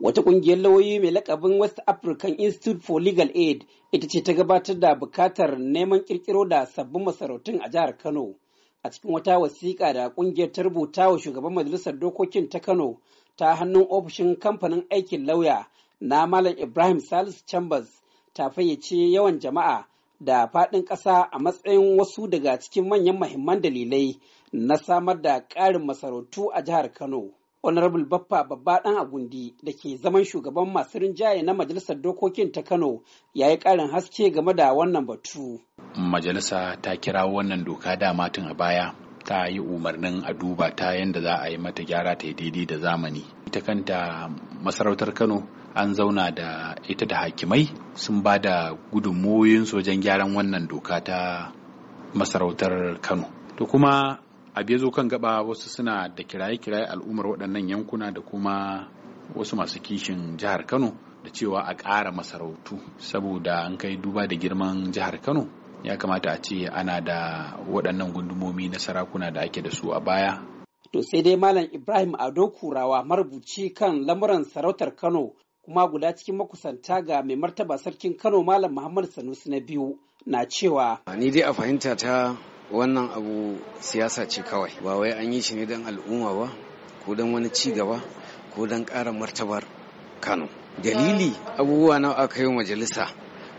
Wata ƙungiyar lauyoyi mai lakabin West African Institute for Legal Aid ita ce ta gabatar da bukatar neman kirkiro da sabbin masarautun a jihar Kano. A cikin wata wasiƙa da ƙungiyar ta rubuta wa shugaban majalisar dokokin ta Kano ta hannun ofishin kamfanin aikin lauya na Malam Ibrahim Salisu Chambers ta fayyace yawan jama'a da faɗin ƙasa a matsayin wasu daga cikin manyan mahimman dalilai na samar da ƙarin masarautu a jihar Kano. honorable baffa babba dan agundi da ke zaman shugaban masu rinjaye na majalisar dokokin ta kano ya yi ƙarin haske game da wannan batu majalisa ta kira wannan doka da matin a baya ta yi umarnin a duba ta yadda za a yi mata gyara ta daidai da zamani ita kanta masarautar kano an zauna da ita da hakimai sun ba da gudunmoyin sojan gyaran wannan doka ta masarautar kano to kuma a ya zo kan gaba wasu suna da kiraye-kiraye al'ummar waɗannan yankuna da kuma wasu masu kishin jihar kano da cewa a ƙara masarautu saboda an kai duba da girman jihar kano ya kamata a ce ana da waɗannan gundumomi na sarakuna da ake da su a baya to sai dai malam ibrahim ado kurawa marubuci kan lamuran sarautar kano kuma guda cikin makusanta ga mai martaba sarkin kano malam muhammad sanusi na biyu na cewa ni dai a fahimta ta wannan abu siyasa ce kawai ba wai an yi shi ne don al'umma ba ko don wani ci gaba ko don ƙara martabar kano dalili abubuwa na aka yi majalisa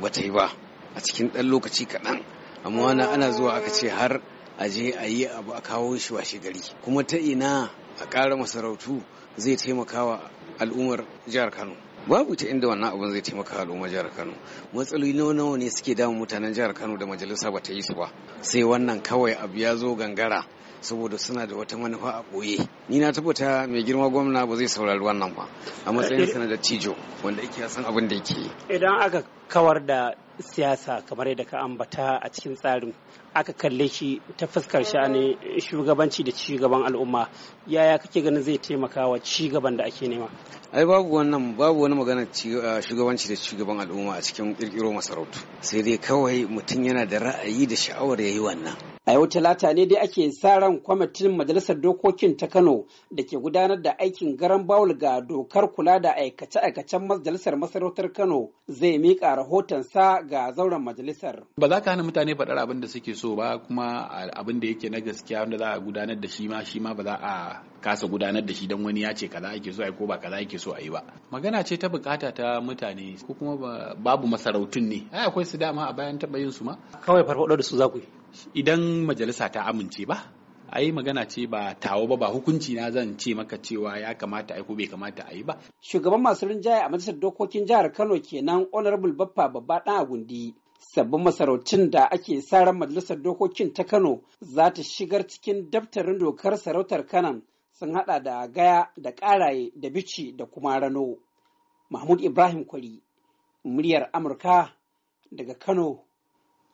ba ta yi ba a cikin ɗan lokaci kaɗan amma wani ana zuwa aka ce har a je a yi abu a kawo shi washe gari kuma ta ina a ƙara masarautu zai taimakawa al'ummar jihar kano babu ta inda wannan abin zai taimaka al'ummar jihar Kano matsaloli nawa ne suke damun mutanen jihar Kano da majalisa ba ta yi su ba sai wannan kawai abu ya zo gangara saboda suna da wata manufa a ɓoye ni na tabbata mai girma gwamna ba zai saurari wannan ba a matsayin sanadar cijo tijo wanda yake san abin da yake idan aka kawar da siyasa kamar yadda ka ambata a cikin tsarin aka kalle shi ta fuskar sha'ani shugabanci da cigaban al'umma yaya kake ganin zai taimaka wa cigaban da ake nema ai babu wannan babu wani magana ah, shugabanci da cigaban al'umma a cikin kirkiro masarautu sai dai kawai mutum yana da ra'ayi da sha'awar ya yi wannan A yau talata ne dai ake sa ran kwamitin Majalisar Dokokin ta Kano da ke gudanar da aikin garan bawul ga dokar kula da aikace-aikacen Majalisar Masarautar Kano zai mika rahoton sa ga zauren majalisar. Ba za ka hana mutane faɗar abin da suke so ba kuma abin da yake na gaskiya wanda za a gudanar da shi ma shi ma ba za a kasa gudanar da shi don wani ya ce kaza ake so ai ko ba kaza ake so ayi ba. Magana ce ta bukata ta mutane ko kuma babu masarautun ne. Ai akwai su dama a bayan taɓa yin su ma. Kawai farfaɗo da su za ku yi. idan majalisa ta amince ba a yi magana ce ba tawo ba ba hukunci na zan ce maka cewa ya kamata aiko ko bai kamata a yi ba shugaban masu rinjaye a majalisar dokokin jihar Kano kenan honorable baffa babba dan agundi sabbin masarautun da ake sa ran majalisar dokokin ta Kano za ta shigar cikin daftarin dokar sarautar Kanan sun hada da gaya da karaye da bici da kuma rano mahmud ibrahim kwari muryar amurka daga Kano